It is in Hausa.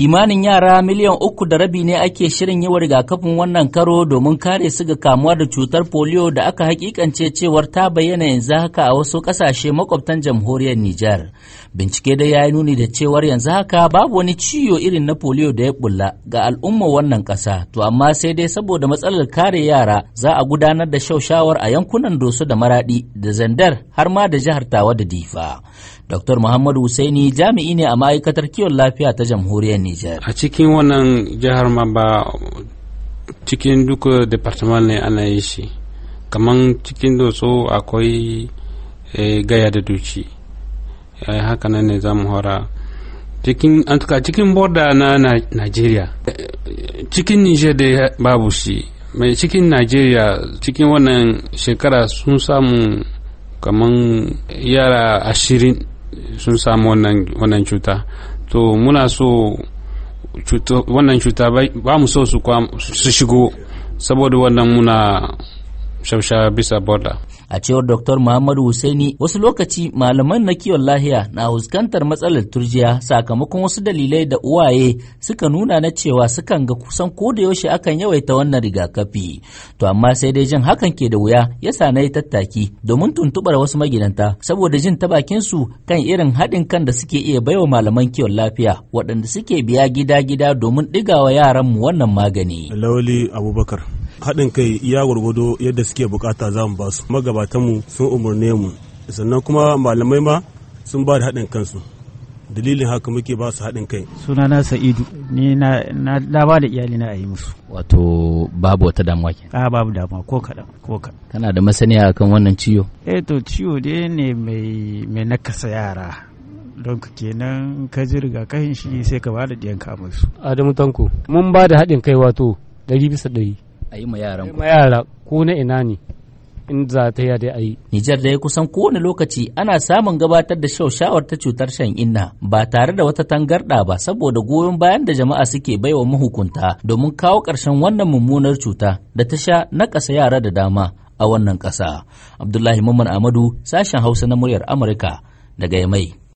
kimanin yara miliyan uku da rabi ne ake shirin yi wa rigakafin wannan karo domin kare su ga kamuwa da cutar polio da aka hakikance cewar ta bayyana yanzu haka a wasu kasashe makwabtan jamhuriyar Nijar. Bincike da ya yi nuni da cewar yanzu haka babu wani ciwo irin na polio da ya bulla ga al'umma wannan kasa, to amma sai dai saboda matsalar kare yara za a gudanar da shaushawar a yankunan Doso da Maradi da Zandar har ma da jihar Tawa da Difa. Dr. Muhammadu Husaini jami'i ne a ma'aikatar kiwon lafiya ta jamhuriyar Nijar. A cikin wannan jihar ma ba cikin duka departement ne ana yi shi, kamar cikin doso akwai eh, gaya da duci, eh, haka nan ne za mu hora. Cikin, cikin borda na Najeriya, cikin Nijar da babu shi, mai cikin Najeriya cikin wannan shekara sun samu kamar yara ashirin sun samu wannan cuta to muna so wannan cuta ba mu so su shigo saboda wannan muna shafsha bisa borda a cewar dr muhammadu husaini wasu lokaci malaman na kiwon lahiya na fuskantar matsalar turjiya sakamakon wasu dalilai da uwaye suka nuna na cewa sukan ga kusan ko da yaushe akan yawaita wannan rigakafi to amma sai dai jin hakan ke da wuya yasa na yi tattaki domin tuntubar wasu magidanta saboda jin ta bakin su kan irin haɗin kan da suke iya baiwa malaman kiwon lafiya waɗanda suke biya gida-gida domin ɗigawa yaranmu wannan magani. Lawali Abubakar. haɗin kai ya gwargwado yadda suke bukata za mu ba su magabatanmu sun umarne mu sannan kuma malamai ma sun ba da haɗin kansu dalilin haka muke ba su haɗin kai sunana sa'idu ni na na da iyali na a yi musu wato babu wata damuwa ke a babu damuwa ko kaɗan ko kaɗan kana da masaniya akan wannan ciwo eh to ciwo dai ne mai mai nakasa yara don ka kenan ka ji rigakafin shi sai ka ba da diyanka musu adamu tanko mun ba da haɗin kai wato ɗari bisa ɗari a yi ma yaran ku yara ku na ina ne in za ta yi a yi Nijar dai kusan kowane lokaci ana samun gabatar da shaushawar ta cutar shan inna ba tare da wata tangarɗa ba saboda goyon bayan da jama'a suke baiwa mahukunta domin kawo ƙarshen wannan mummunar cuta da ta sha na ƙasa yara da dama a wannan ƙasa Abdullahi Mamman Amadu sashen Hausa na muryar Amurka daga Yamai